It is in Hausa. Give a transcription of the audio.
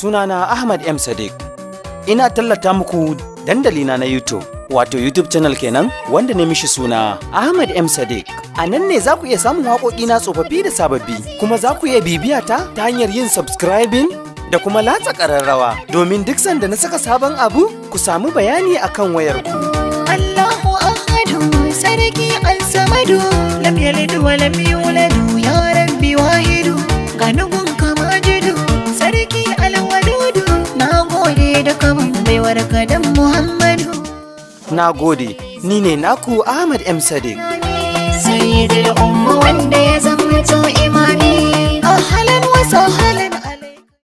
sunana Ahmad M. Sadiq. Ina tallata muku dandalina na YouTube, wato YouTube channel kenan wanda ne mishi suna Ahmad M. Sadiq. A nan ne za ku iya samun waƙoƙi na tsofaffi da sababbi, kuma za ku iya bibiya ta ta hanyar yin subscribing da kuma latsa ƙararrawa domin duk sanda na saka sabon abu ku samu bayani akan wayarku. Allahu Ahadu Sarki da kamun baiwar kadan Muhammadu. Na gode, ni ne naku Ahmad M. Sadiq. Sai da